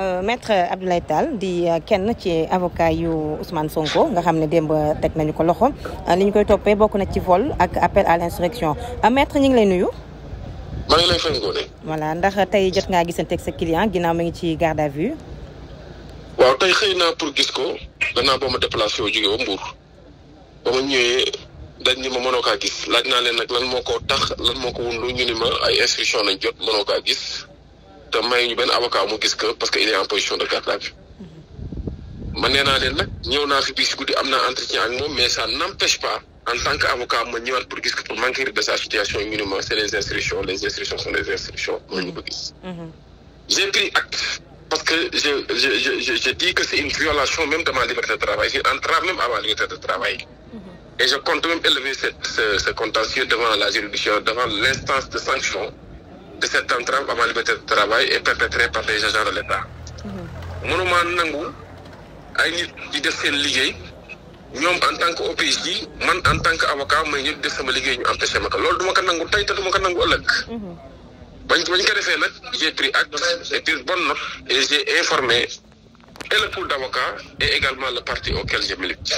Euh, maître Abdoulaye Tall di euh, kenn ci avocat yu Ousmane Sonko nga xam ne démb euh, teg nañu ko loxo li ñu koy toppee bokk na ci vol ak appel à l'insurrection maître ñu ngi lay nuyu. maa ngi lay fay ngoone. ndax tey jot ngaa gisante ak sa client ginnaaw ma ngi ci garde à vue. waaw tey xëy naa pour gis ko gannaaw boo ma déplacé wu jóge ba Mbour ba ñëwee dañ ni ma mënoo kaa gis laaj naa leen lan moo ko tax lan moo ko wundu ñu ni ma ay instruction lañ te may ñu benn avocat mu gis que parce que il est en position de garde à mm-hmm. nee naa leen nag ñëw naa fi bii guddi am naa entretien ak moom mais ça n'empêche pas en tant que avocat ma ñëwaat pour gis que pour m'enquérir de sa situation ñu ne ma les instructions les instructions sont des instructions mooy ñu ko gis mm-hmm. je dis que c'est une violation même de liberté de travail c'est une entrave même liberté de travail mm-hmm. et je compte même élever cette de cette entrave à ma liberté de travail est perpétrée par les agents de l'État. mënuma nangu ay nit di def seen liggéey ñoom en tant que OPJ man en tant que avocat may ñëpp def sama liggéey ñu am empêché ma ko loolu duma ko nangu tey te duma ko nangu ëllëg. bañ bañ ko defee nag j'ai pris acte et puis bonne note et informé et le pool d'avocats et également le parti auquel je milite.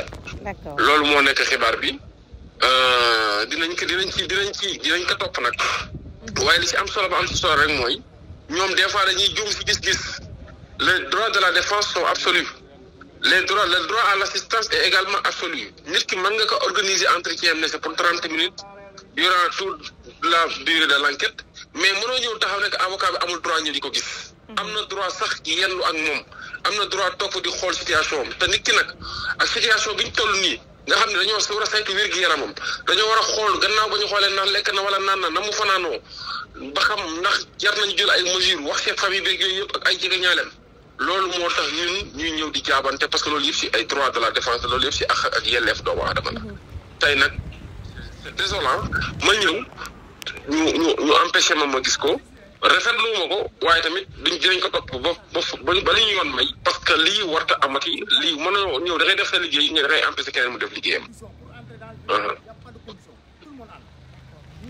d'accord loolu moo nekk xibaar bi euh, dinañ ko dinañ ci dinañ ci dinañ ko topp nag. waaye li ci am solo ba am solo rek mooy ñoom des fois dañuy juum ci gis-gis le droits de la défense sont absolus les droits le droit à l' assistance est également absolu nit ki mën nga ko organiser entretien ne c'est pour trente minutes durant toute la durée de l' enquête mais mënoo ñëw taxaw nekk avocat bi amul droit ñu di ko gis. am na droit sax yenlu ak moom am na droit topp di xool situation te nit ki nag ak situation bi ñu toll nii. nga xam ne dañoo war a saytu wér gi yaramam dañoo war xool gannaaw ba ñu xoolee ndax lekk na wala naan na na mu fanaanoo ba xam ndax jar nañ jël ay mesures wax seen famille beeg yooyu yëpp ak ay jege ñaaleem loolu moo tax ñun ñuy ñëw di jaabante parce que loolu yëpp si ay droit de la défense loolu yëpp si ak ak yelleef doomu aadama la. tey nag désolant ma ñëw ñu ñu ñu ma gis ko. rafetlu ma ko waaye tamit duñ dinañ ko topp ba ba ba li ñu yoon may. parce que lii warta amati lii mën na ñëw da ngay def sa liggéey nga da ngay empêcher keneen mu def liggéeyam.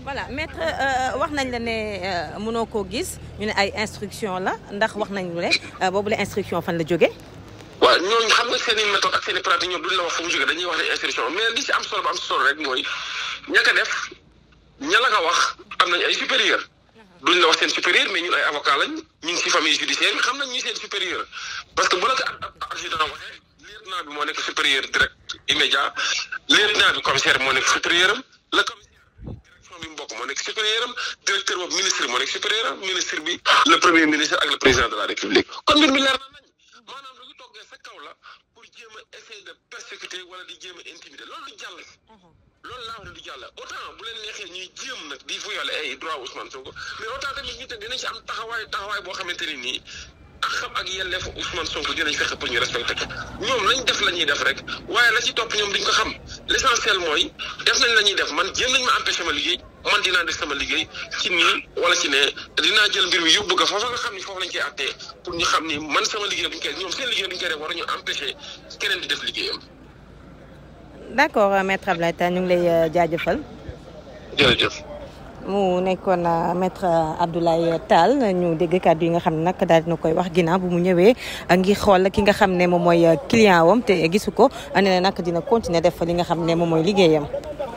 voilà euh, nañ la ne euh, mënoo koo gis ñu ne ay instruction la ndax wax nañ ne euh, boobu la instruction fan la jóge waaw ñooñu xam nga seen i ak seen i pratique ñoom duñ la wax fu mu jóge dañuy si am solo ba am solo rek mooy ña ko def ña la ko wax am nañ ay supérieur duñ la wax seen supérieur mais ñu ngi si famille judiciaire bi xam nañ ñu seen supérieur parce que bu la ko moo nekk supérieur direct immédiat lieutenant bi commissaire moo nekk supérieur am la commissaire mbokk moo nekk supérieur am directeur boobu ministre ministre bi le premier ministre ak le président de la république kon mbir mi leer na maanaam lu ñu toggee sa kaw la pour jéem a essayer de persécuter wala di jéem a intimider loolu jàll mhm. loolu laa wax ne du jàll autant bu leen neexee ñuy jéem nag di violer ay droit Ousmane Sonko mais autant tamit ñu te am taxawaay taxawaay boo xamante ni nii ak xam ak yelleef Ousmane Sonko pour ñu respecté ko ñoom lañ def la ñuy def rek waaye la ci topp ñoom duñ ko xam l' mooy def nañ la ñuy def man jéem nañ ma empêché ma liggéey man dinaa def sama liggéey ci nii wala ci ne dinaa jël mbir mi yóbbu ko foofa nga xam ni foofu lañ koy attee pour ñu xam ni man sama liggéey duñ koy ñoom seen liggéey duñ koy def war a ñu empêché di def liggéeyam d' accord euh, maître Abdoulaye Tall ñu ngi lay euh, jaajëfal. jërëjëf. mu nekkoon euh, maître Abdoulaye taal ñu dégg kàddu yi nga xam ne nag daal dina koy wax ginnaaw bu mu ñëwee ngi xool ki nga xam ne moom mooy client wam te gisu ko nee na nag dina continuer def li nga xam ne moom mooy liggéeyam.